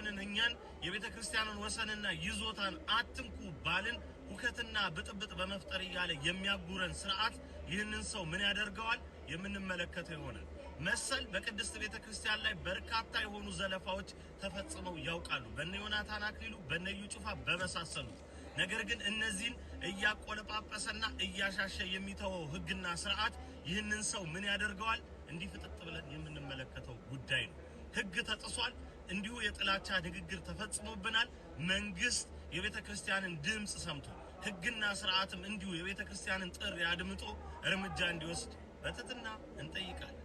የሆንን እኛን የቤተ ክርስቲያኑን ወሰንና ይዞታን አትንኩ ባልን ሁከትና ብጥብጥ በመፍጠር እያለ የሚያጉረን ስርዓት ይህንን ሰው ምን ያደርገዋል? የምንመለከተው ይሆናል። መሰል በቅድስት ቤተ ክርስቲያን ላይ በርካታ የሆኑ ዘለፋዎች ተፈጽመው ያውቃሉ። በነ ዮናታን አክሊሉ፣ በነ እዩ ጩፋ በመሳሰሉት። ነገር ግን እነዚህን እያቆለጳጰሰና እያሻሸ የሚተወው ህግና ስርዓት ይህንን ሰው ምን ያደርገዋል? እንዲህ ፍጥጥ ብለን የምንመለከተው ጉዳይ ነው። ህግ ተጥሷል። እንዲሁ የጥላቻ ንግግር ተፈጽሞብናል። መንግስት የቤተ ክርስቲያንን ድምፅ ሰምቶ ህግና ስርዓትም እንዲሁ የቤተ ክርስቲያንን ጥሪ አድምጦ እርምጃ እንዲወስድ በትህትና እንጠይቃለን።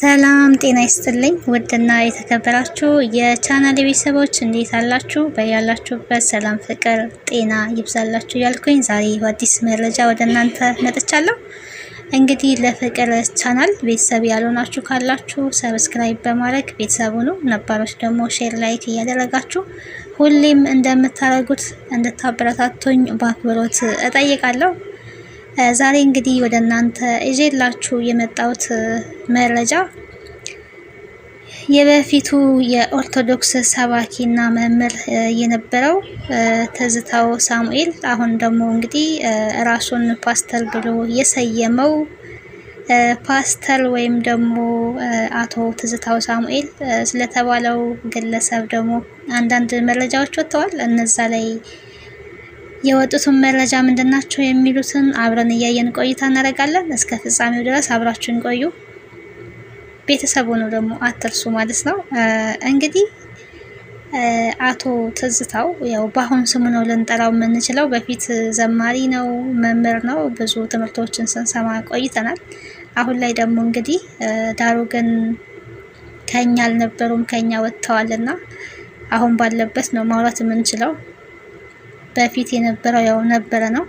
ሰላም ጤና ይስጥልኝ። ውድና የተከበራችሁ የቻናል ቤተሰቦች እንዴት አላችሁ? በያላችሁበት ሰላም፣ ፍቅር፣ ጤና ይብዛላችሁ እያልኩኝ ዛሬ አዲስ መረጃ ወደ እናንተ መጥቻለሁ። እንግዲህ ለፍቅር ቻናል ቤተሰብ ያልሆናችሁ ካላችሁ ሰብስክራይብ በማድረግ ቤተሰብ ሁኑ። ነባሮች ደግሞ ሼር፣ ላይክ እያደረጋችሁ ሁሌም እንደምታደርጉት እንድታበረታቱኝ በአክብሮት እጠይቃለሁ። ዛሬ እንግዲህ ወደ እናንተ ይዤላችሁ የመጣሁት መረጃ የበፊቱ የኦርቶዶክስ ሰባኪና መምህር የነበረው ትዝታው ሳሙኤል አሁን ደግሞ እንግዲህ ራሱን ፓስተር ብሎ የሰየመው ፓስተር ወይም ደግሞ አቶ ትዝታው ሳሙኤል ስለተባለው ግለሰብ ደግሞ አንዳንድ መረጃዎች ወጥተዋል። እነዛ ላይ የወጡትን መረጃ ምንድናቸው የሚሉትን አብረን እያየን ቆይታ እናደርጋለን። እስከ ፍጻሜው ድረስ አብራችሁን ቆዩ። ቤተሰቡ ነው ደግሞ አትርሱ ማለት ነው። እንግዲህ አቶ ትዝታው ያው በአሁን ስሙ ነው ልንጠራው የምንችለው። በፊት ዘማሪ ነው፣ መምህር ነው። ብዙ ትምህርቶችን ስንሰማ ቆይተናል። አሁን ላይ ደግሞ እንግዲህ ዳሩ ግን ከኛ አልነበሩም ከኛ ወጥተዋልና አሁን ባለበት ነው ማውራት የምንችለው። በፊት የነበረው ያው ነበረ ነው።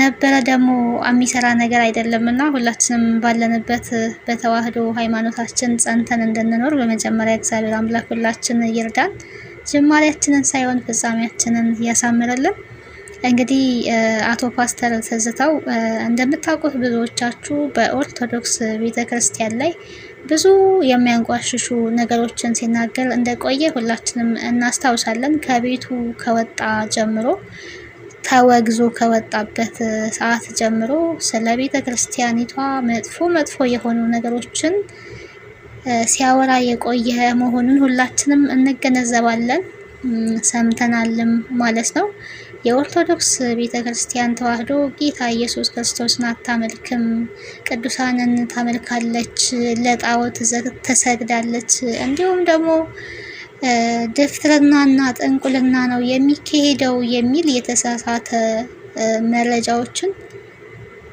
ነበረ ደግሞ የሚሰራ ነገር አይደለም እና ሁላችንም ባለንበት በተዋህዶ ሃይማኖታችን ጸንተን እንድንኖር በመጀመሪያ እግዚአብሔር አምላክ ሁላችን ይርዳን። ጅማሬያችንን ሳይሆን ፍጻሜያችንን ያሳምረልን። እንግዲህ አቶ ፓስተር ትዝታው እንደምታውቁት ብዙዎቻችሁ በኦርቶዶክስ ቤተ ክርስቲያን ላይ ብዙ የሚያንቋሽሹ ነገሮችን ሲናገር እንደቆየ ሁላችንም እናስታውሳለን። ከቤቱ ከወጣ ጀምሮ ተወግዞ ከወጣበት ሰዓት ጀምሮ ስለ ቤተ ክርስቲያኒቷ መጥፎ መጥፎ የሆኑ ነገሮችን ሲያወራ የቆየ መሆኑን ሁላችንም እንገነዘባለን፣ ሰምተናልም ማለት ነው። የኦርቶዶክስ ቤተ ክርስቲያን ተዋህዶ ጌታ ኢየሱስ ክርስቶስን አታመልክም፣ ቅዱሳንን ታመልካለች፣ ለጣዖት ትሰግዳለች እንዲሁም ደግሞ ድፍትርናና ጥንቁልና ነው የሚካሄደው የሚል የተሳሳተ መረጃዎችን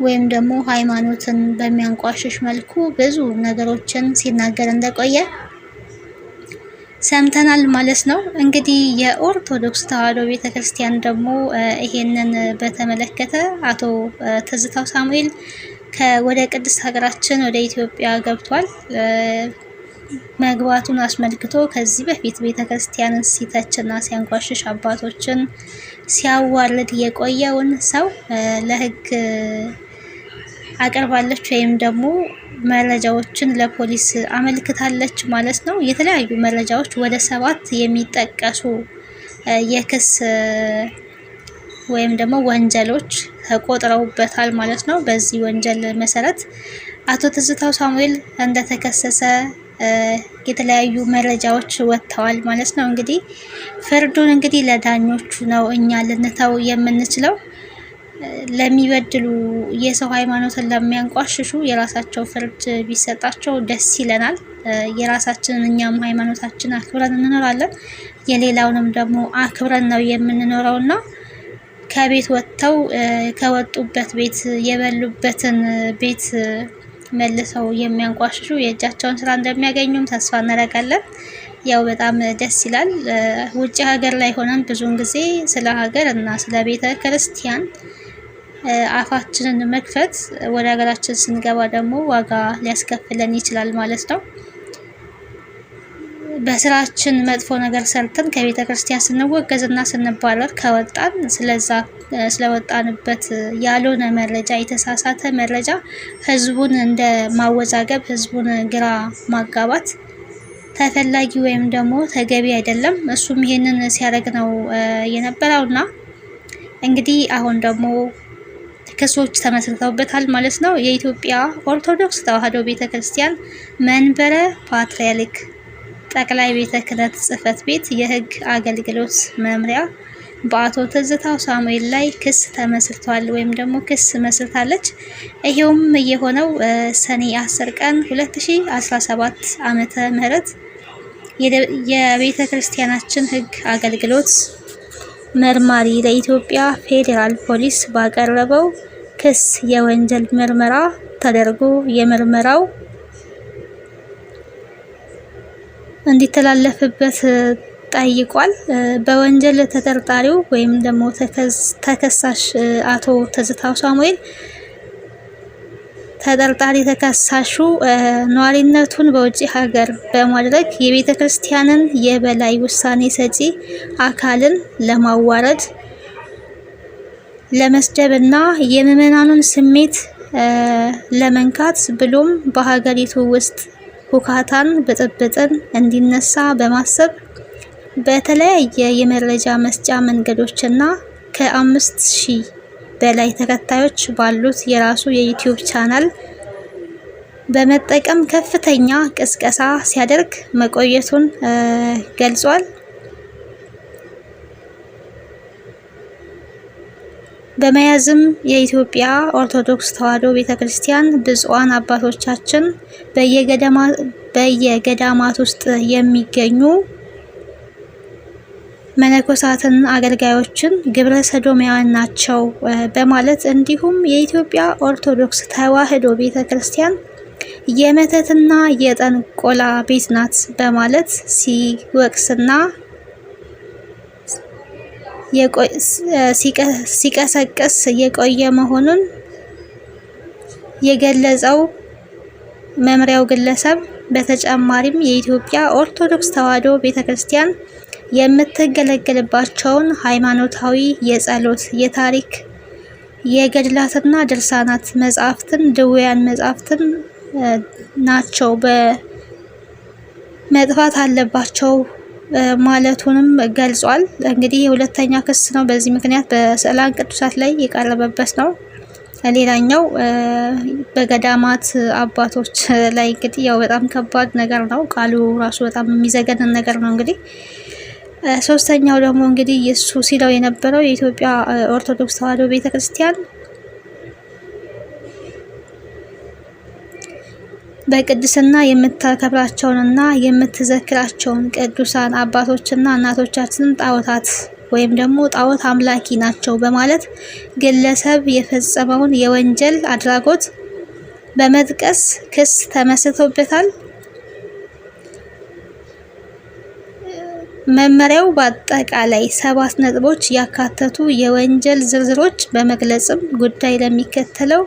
ወይም ደግሞ ሃይማኖትን በሚያንቋሽሽ መልኩ ብዙ ነገሮችን ሲናገር እንደቆየ ሰምተናል ማለት ነው። እንግዲህ የኦርቶዶክስ ተዋሕዶ ቤተክርስቲያን ደግሞ ይሄንን በተመለከተ አቶ ትዝታው ሳሙኤል ከወደ ቅድስት ሀገራችን ወደ ኢትዮጵያ ገብቷል። መግባቱን አስመልክቶ ከዚህ በፊት ቤተ ክርስቲያንን ሲተችና ሲያንቋሽሽ አባቶችን ሲያዋርድ የቆየውን ሰው ለሕግ አቅርባለች ወይም ደግሞ መረጃዎችን ለፖሊስ አመልክታለች ማለት ነው። የተለያዩ መረጃዎች ወደ ሰባት የሚጠቀሱ የክስ ወይም ደግሞ ወንጀሎች ተቆጥረውበታል ማለት ነው። በዚህ ወንጀል መሰረት አቶ ትዝታው ሳሙኤል እንደተከሰሰ የተለያዩ መረጃዎች ወጥተዋል ማለት ነው። እንግዲህ ፍርዱን እንግዲህ ለዳኞቹ ነው እኛ ልንተው የምንችለው። ለሚበድሉ የሰው ሃይማኖትን ለሚያንቋሽሹ የራሳቸው ፍርድ ቢሰጣቸው ደስ ይለናል። የራሳችንን እኛም ሃይማኖታችን አክብረን እንኖራለን። የሌላውንም ደግሞ አክብረን ነው የምንኖረው እና ከቤት ወጥተው ከወጡበት ቤት የበሉበትን ቤት መልሰው የሚያንቋሽሹ የእጃቸውን ስራ እንደሚያገኙም ተስፋ እናደርጋለን። ያው በጣም ደስ ይላል። ውጭ ሀገር ላይ ሆነን ብዙውን ጊዜ ስለ ሀገር እና ስለ ቤተ ክርስቲያን አፋችንን መክፈት ወደ ሀገራችን ስንገባ ደግሞ ዋጋ ሊያስከፍለን ይችላል ማለት ነው። በስራችን መጥፎ ነገር ሰርተን ከቤተ ክርስቲያን እና ስንባረር ከወጣን ስለዛ ስለወጣንበት ያልሆነ መረጃ የተሳሳተ መረጃ ህዝቡን እንደ ማወዛገብ፣ ህዝቡን ግራ ማጋባት ተፈላጊ ወይም ደግሞ ተገቢ አይደለም። እሱም ይሄንን ሲያደርግ ነው የነበረው እና እንግዲህ አሁን ደግሞ ክሶች ተመስርተውበታል ማለት ነው። የኢትዮጵያ ኦርቶዶክስ ተዋሕዶ ቤተ ክርስቲያን መንበረ ፓትርያርክ ጠቅላይ ቤተ ክህነት ጽሕፈት ቤት የህግ አገልግሎት መምሪያ በአቶ ትዝታው ሳሙኤል ላይ ክስ ተመስርቷል ወይም ደግሞ ክስ መስርታለች። ይሄውም የሆነው ሰኔ 10 ቀን 2017 ዓመተ ምህረት የቤተ ክርስቲያናችን ሕግ አገልግሎት መርማሪ ለኢትዮጵያ ፌዴራል ፖሊስ ባቀረበው ክስ የወንጀል ምርመራ ተደርጎ የምርመራው እንዲተላለፍበት ጠይቋል። በወንጀል ተጠርጣሪው ወይም ደግሞ ተከሳሽ አቶ ትዝታው ሳሙኤል ተጠርጣሪ ተከሳሹ ኗሪነቱን በውጭ ሀገር በማድረግ የቤተ ክርስቲያንን የበላይ ውሳኔ ሰጪ አካልን ለማዋረድ ለመስደብና የምዕመናኑን ስሜት ለመንካት ብሎም በሀገሪቱ ውስጥ ሁካታን ብጥብጥን እንዲነሳ በማሰብ በተለያየ የመረጃ መስጫ መንገዶች እና ከአምስት ሺህ በላይ ተከታዮች ባሉት የራሱ የዩቲዩብ ቻናል በመጠቀም ከፍተኛ ቅስቀሳ ሲያደርግ መቆየቱን ገልጿል። በመያዝም የኢትዮጵያ ኦርቶዶክስ ተዋሕዶ ቤተክርስቲያን ብፁዓን አባቶቻችን በየገዳማት ውስጥ የሚገኙ መነኮሳትን አገልጋዮችን ግብረ ሰዶሚያን ናቸው በማለት እንዲሁም የኢትዮጵያ ኦርቶዶክስ ተዋሕዶ ቤተ ክርስቲያን የመተትና የጠንቆላ ቤት ናት በማለት ሲወቅስና ሲቀሰቅስ የቆየ መሆኑን የገለጸው መምሪያው ግለሰብ በተጨማሪም የኢትዮጵያ ኦርቶዶክስ ተዋሕዶ ቤተክርስቲያን የምትገለገልባቸውን ሃይማኖታዊ የጸሎት፣ የታሪክ፣ የገድላትና ድርሳናት መጽሐፍትን ድውያን መጽሐፍትን ናቸው በመጥፋት አለባቸው ማለቱንም ገልጿል። እንግዲህ የሁለተኛ ክስ ነው። በዚህ ምክንያት በስዕላን ቅዱሳት ላይ የቀረበበት ነው። ሌላኛው በገዳማት አባቶች ላይ እንግዲህ ያው በጣም ከባድ ነገር ነው። ቃሉ ራሱ በጣም የሚዘገንን ነገር ነው እንግዲህ ሶስተኛው ደግሞ እንግዲህ እሱ ሲለው የነበረው የኢትዮጵያ ኦርቶዶክስ ተዋሕዶ ቤተክርስቲያን በቅድስና የምታከብራቸውንና የምትዘክራቸውን ቅዱሳን አባቶችና እናቶቻችንን ጣዖታት ወይም ደግሞ ጣዖት አምላኪ ናቸው በማለት ግለሰብ የፈጸመውን የወንጀል አድራጎት በመጥቀስ ክስ ተመስርቶበታል። መመሪያው በአጠቃላይ ሰባት ነጥቦች ያካተቱ የወንጀል ዝርዝሮች በመግለጽም ጉዳይ ለሚከተለው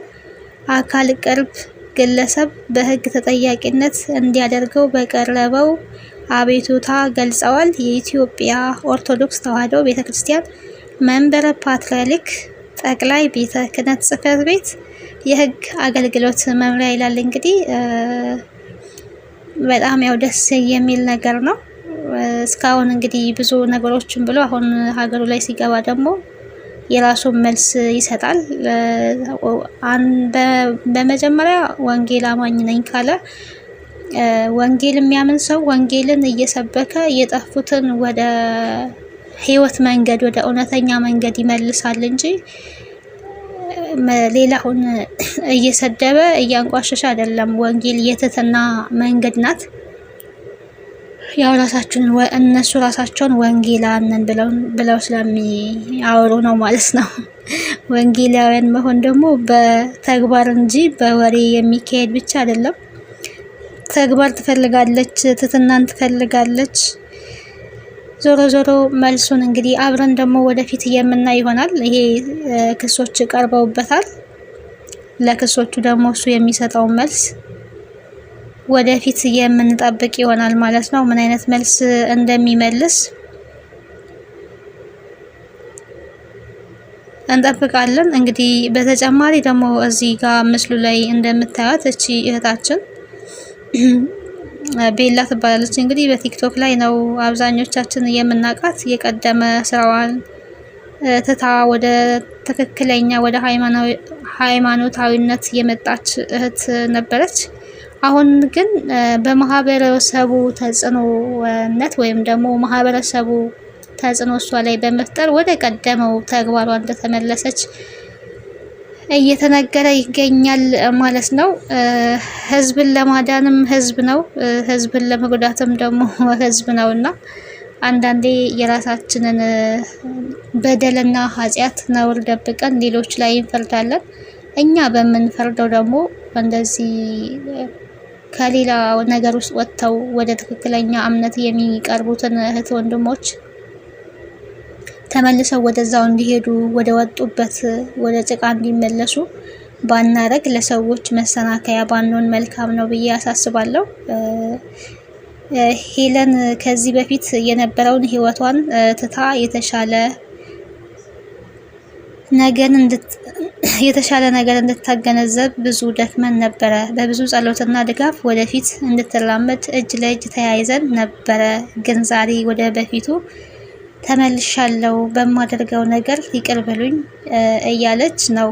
አካል ቅርብ ግለሰብ በሕግ ተጠያቂነት እንዲያደርገው በቀረበው አቤቱታ ገልጸዋል። የኢትዮጵያ ኦርቶዶክስ ተዋሕዶ ቤተ ክርስቲያን መንበረ ፓትርያርክ ጠቅላይ ቤተ ክህነት ጽሕፈት ቤት የሕግ አገልግሎት መምሪያ ይላል። እንግዲህ በጣም ያው ደስ የሚል ነገር ነው። እስካሁን እንግዲህ ብዙ ነገሮችን ብሎ አሁን ሀገሩ ላይ ሲገባ ደግሞ የራሱን መልስ ይሰጣል። በመጀመሪያ ወንጌል አማኝ ነኝ ካለ ወንጌል የሚያምን ሰው ወንጌልን እየሰበከ የጠፉትን ወደ ህይወት መንገድ ወደ እውነተኛ መንገድ ይመልሳል እንጂ ሌላውን እየሰደበ እያንቋሸሸ አይደለም። ወንጌል የትህትና መንገድ ናት። ያው ራሳችን እነሱ ራሳቸውን ወንጌላውያን ብለው ስለሚያወሩ ነው ማለት ነው። ወንጌላውያን መሆን ደግሞ በተግባር እንጂ በወሬ የሚካሄድ ብቻ አይደለም። ተግባር ትፈልጋለች፣ ትትናን ትፈልጋለች። ዞሮ ዞሮ መልሱን እንግዲህ አብረን ደግሞ ወደፊት የምናይ ይሆናል። ይሄ ክሶች ቀርበውበታል። ለክሶቹ ደግሞ እሱ የሚሰጠውን መልስ ወደፊት የምንጠብቅ ይሆናል ማለት ነው ምን አይነት መልስ እንደሚመልስ እንጠብቃለን። እንግዲህ በተጨማሪ ደግሞ እዚህ ጋር ምስሉ ላይ እንደምታዩት እቺ እህታችን ቤላ ትባላለች። እንግዲህ በቲክቶክ ላይ ነው አብዛኞቻችን የምናውቃት። የቀደመ ስራዋን ትታ ወደ ትክክለኛ ወደ ሃይማኖታዊነት የመጣች እህት ነበረች። አሁን ግን በማህበረሰቡ ተጽዕኖነት ወይም ደግሞ ማህበረሰቡ ተጽዕኖ እሷ ላይ በመፍጠር ወደ ቀደመው ተግባሯ እንደተመለሰች እየተነገረ ይገኛል ማለት ነው። ህዝብን ለማዳንም ህዝብ ነው፣ ህዝብን ለመጉዳትም ደግሞ ህዝብ ነው እና አንዳንዴ የራሳችንን በደልና ኃጢአት ነውር ደብቀን ሌሎች ላይ እንፈርዳለን። እኛ በምንፈርደው ደግሞ እንደዚህ ከሌላ ነገር ውስጥ ወጥተው ወደ ትክክለኛ እምነት የሚቀርቡትን እህት ወንድሞች ተመልሰው ወደዛው እንዲሄዱ ወደ ወጡበት ወደ ጭቃ እንዲመለሱ ባናረግ ለሰዎች መሰናከያ ባንሆን መልካም ነው ብዬ አሳስባለሁ። ሄለን ከዚህ በፊት የነበረውን ህይወቷን ትታ የተሻለ ነገን እንድት የተሻለ ነገር እንድታገነዘብ ብዙ ደክመን ነበረ። በብዙ ጸሎትና ድጋፍ ወደፊት እንድትራመድ እጅ ለእጅ ተያይዘን ነበረ። ግን ዛሬ ወደ በፊቱ ተመልሻለሁ፣ በማደርገው ነገር ይቅር በሉኝ እያለች ነው።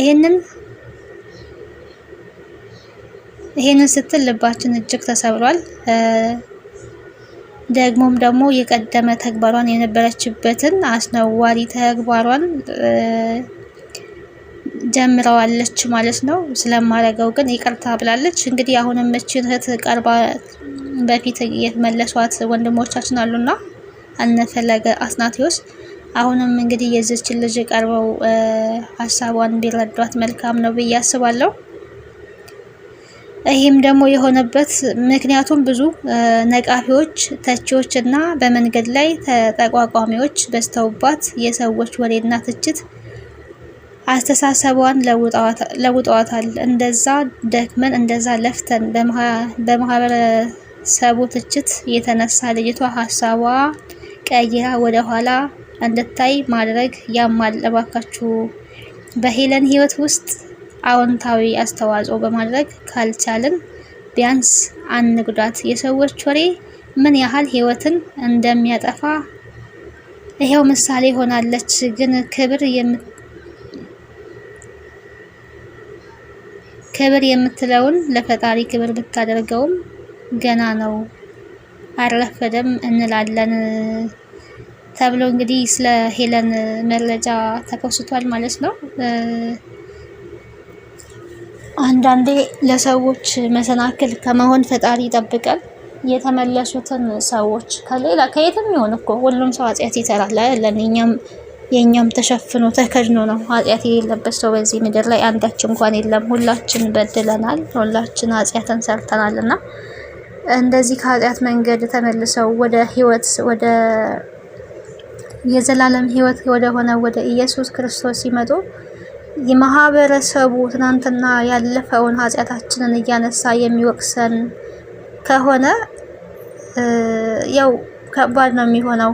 ይህንን ይህንን ስትል ልባችን እጅግ ተሰብሯል። ደግሞም ደግሞ የቀደመ ተግባሯን የነበረችበትን አስነዋሪ ተግባሯን ጀምረዋለች ማለት ነው። ስለማረገው ግን ይቅርታ ብላለች። እንግዲህ አሁንም እችን እህት ቀርባ በፊት የመለሷት ወንድሞቻችን አሉና አነፈለገ አስናቴዎስ አሁንም እንግዲህ የዚችን ልጅ ቀርበው ሀሳቧን ቢረዷት መልካም ነው ብዬ አስባለሁ። ይህም ደግሞ የሆነበት ምክንያቱም ብዙ ነቃፊዎች፣ ተቺዎች እና በመንገድ ላይ ተጠቋቋሚዎች በዝተውባት የሰዎች ወሬና ትችት አስተሳሰቧን ለውጠዋታል። እንደዛ ደክመን እንደዛ ለፍተን በማህበረሰቡ ትችት የተነሳ ልጅቷ ሀሳቧ ቀይራ ወደ ኋላ እንድታይ ማድረግ ያማል። እባካችሁ በሄለን ህይወት ውስጥ አዎንታዊ አስተዋጽኦ በማድረግ ካልቻልን ቢያንስ አንጉዳት። የሰዎች ወሬ ምን ያህል ህይወትን እንደሚያጠፋ ይሄው ምሳሌ ሆናለች። ግን ክብር ክብር የምትለውን ለፈጣሪ ክብር ብታደርገውም ገና ነው አረፈደም እንላለን ተብሎ እንግዲህ ስለ ሄለን መረጃ ተኮስቷል ማለት ነው። አንዳንዴ ለሰዎች መሰናክል ከመሆን ፈጣሪ ይጠብቀን። የተመለሱትን ሰዎች ከሌላ ከየትም ይሆን እኮ ሁሉም ሰው አጽያት ይሰራል አይደለም የእኛም ተሸፍኖ ተከድኖ ነው። ኃጢአት የሌለበት ሰው በዚህ ምድር ላይ አንዳች እንኳን የለም። ሁላችን በድለናል፣ ሁላችን ኃጢአትን ሰርተናል እና እንደዚህ ከኃጢአት መንገድ ተመልሰው ወደ ህይወት ወደ የዘላለም ህይወት ወደ ሆነ ወደ ኢየሱስ ክርስቶስ ሲመጡ የማህበረሰቡ ትናንትና ያለፈውን ኃጢአታችንን እያነሳ የሚወቅሰን ከሆነ ያው ከባድ ነው የሚሆነው።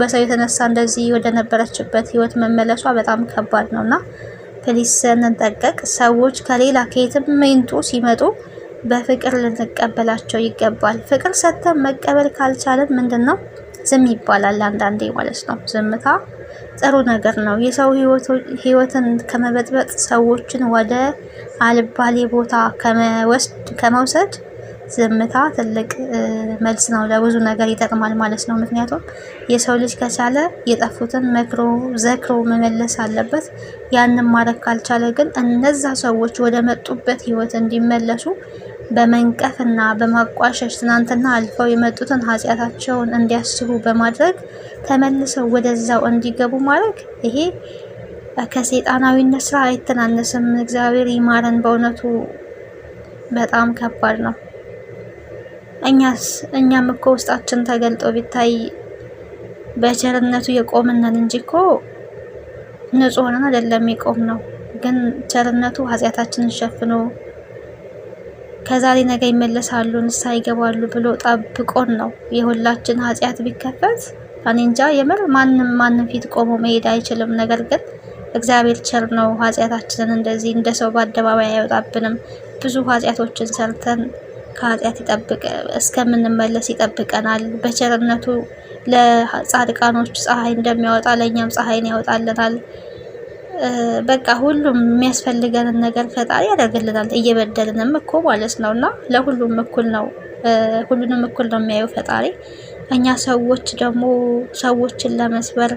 በሰው የተነሳ እንደዚህ ወደ ነበረችበት ህይወት መመለሷ በጣም ከባድ ነውና ፕሊስ ስንጠቀቅ ሰዎች ከሌላ ከየትም ይምጡ ሲመጡ በፍቅር ልንቀበላቸው ይገባል። ፍቅር ሰጥተን መቀበል ካልቻለን ምንድን ነው ዝም ይባላል አንዳንዴ ማለት ነው። ዝምታ ጥሩ ነገር ነው። የሰው ህይወትን ከመበጥበጥ ሰዎችን ወደ አልባሌ ቦታ ከመወስድ ከመውሰድ ዝምታ ትልቅ መልስ ነው፣ ለብዙ ነገር ይጠቅማል ማለት ነው። ምክንያቱም የሰው ልጅ ከቻለ የጠፉትን መክሮ ዘክሮ መመለስ አለበት። ያንን ማድረግ ካልቻለ ግን እነዛ ሰዎች ወደ መጡበት ህይወት እንዲመለሱ በመንቀፍና በማቋሸሽ ትናንትና አልፈው የመጡትን ኃጢአታቸውን እንዲያስቡ በማድረግ ተመልሰው ወደዛው እንዲገቡ ማድረግ ይሄ ከሴጣናዊነት ስራ አይተናነስም። እግዚአብሔር ይማረን። በእውነቱ በጣም ከባድ ነው። እኛም እኮ ውስጣችን ተገልጦ ቢታይ በቸርነቱ የቆምነን እንጂ እኮ ንጹህ ሆነን አይደለም የቆም ነው። ግን ቸርነቱ ኃጢአታችንን ሸፍኖ ከዛሬ ነገ ይመለሳሉ ንስሐ ይገባሉ ብሎ ጠብቆን ነው። የሁላችን ኃጢአት ቢከፈት እኔ እንጃ የምር ማንም ማንም ፊት ቆሞ መሄድ አይችልም። ነገር ግን እግዚአብሔር ቸር ነው። ኃጢአታችንን እንደዚህ እንደ ሰው በአደባባይ አይወጣብንም ብዙ ኃጢአቶችን ሰርተን ከኃጢአት ይጠብቅ እስከምንመለስ ይጠብቀናል። በቸርነቱ ለጻድቃኖች ፀሐይ እንደሚያወጣ ለእኛም ፀሐይን ያወጣልናል። በቃ ሁሉም የሚያስፈልገንን ነገር ፈጣሪ ያደርግልናል። እየበደልንም እኮ ማለት ነው እና ለሁሉም እኩል ነው፣ ሁሉንም እኩል ነው የሚያየው ፈጣሪ። እኛ ሰዎች ደግሞ ሰዎችን ለመስበር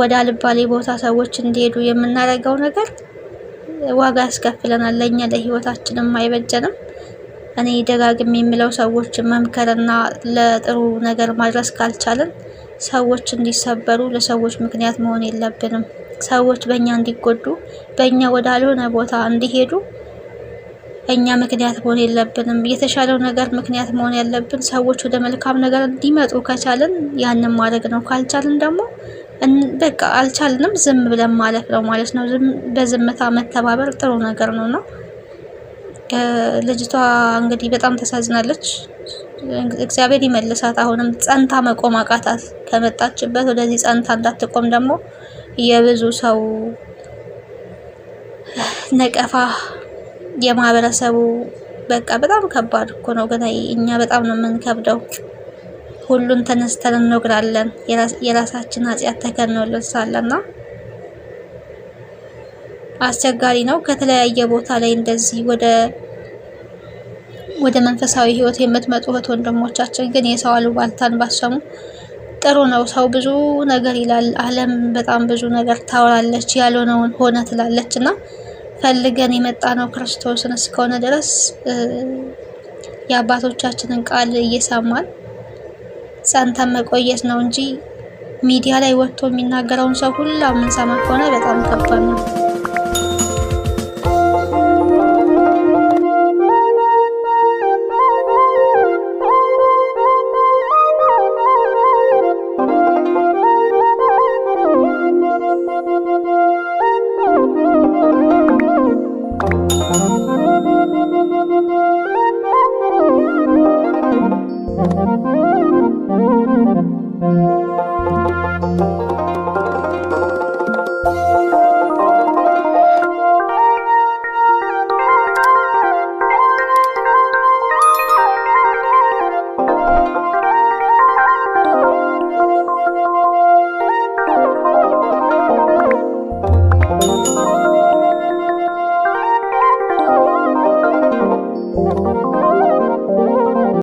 ወደ አልባሌ ቦታ ሰዎች እንዲሄዱ የምናደርገው ነገር ዋጋ ያስከፍለናል። ለእኛ ለህይወታችንም አይበጀንም። እኔ ደጋግም የሚለው ሰዎች መምከርና ለጥሩ ነገር ማድረስ ካልቻለን ሰዎች እንዲሰበሩ ለሰዎች ምክንያት መሆን የለብንም። ሰዎች በእኛ እንዲጎዱ፣ በእኛ ወዳልሆነ ቦታ እንዲሄዱ እኛ ምክንያት መሆን የለብንም። የተሻለው ነገር ምክንያት መሆን ያለብን ሰዎች ወደ መልካም ነገር እንዲመጡ ከቻልን ያንን ማድረግ ነው። ካልቻልን ደግሞ በቃ አልቻልንም፣ ዝም ብለን ማለፍ ነው ማለት ነው። በዝምታ መተባበር ጥሩ ነገር ነው ነው ልጅቷ እንግዲህ በጣም ተሳዝናለች። እግዚአብሔር ይመልሳት። አሁንም ጸንታ መቆም አቃታት። ከመጣችበት ወደዚህ ጸንታ እንዳትቆም ደግሞ የብዙ ሰው ነቀፋ፣ የማህበረሰቡ በቃ በጣም ከባድ እኮ ነው። ግን እኛ በጣም ነው የምንከብደው። ሁሉን ተነስተን እንወግራለን። የራሳችን ኃጢአት ተከኖልን አስቸጋሪ ነው። ከተለያየ ቦታ ላይ እንደዚህ ወደ ወደ መንፈሳዊ ህይወት የምትመጡ እህት ወንድሞቻችን ግን የሰው አሉባልታን ባሰሙ ጥሩ ነው። ሰው ብዙ ነገር ይላል። ዓለም በጣም ብዙ ነገር ታወራለች፣ ያልሆነውን ሆነ ትላለች እና ፈልገን የመጣ ነው ክርስቶስን እስከሆነ ድረስ የአባቶቻችንን ቃል እየሰማን ጸንተን መቆየት ነው እንጂ ሚዲያ ላይ ወጥቶ የሚናገረውን ሰው ሁላ የምንሰማ ከሆነ በጣም ከባድ ነው።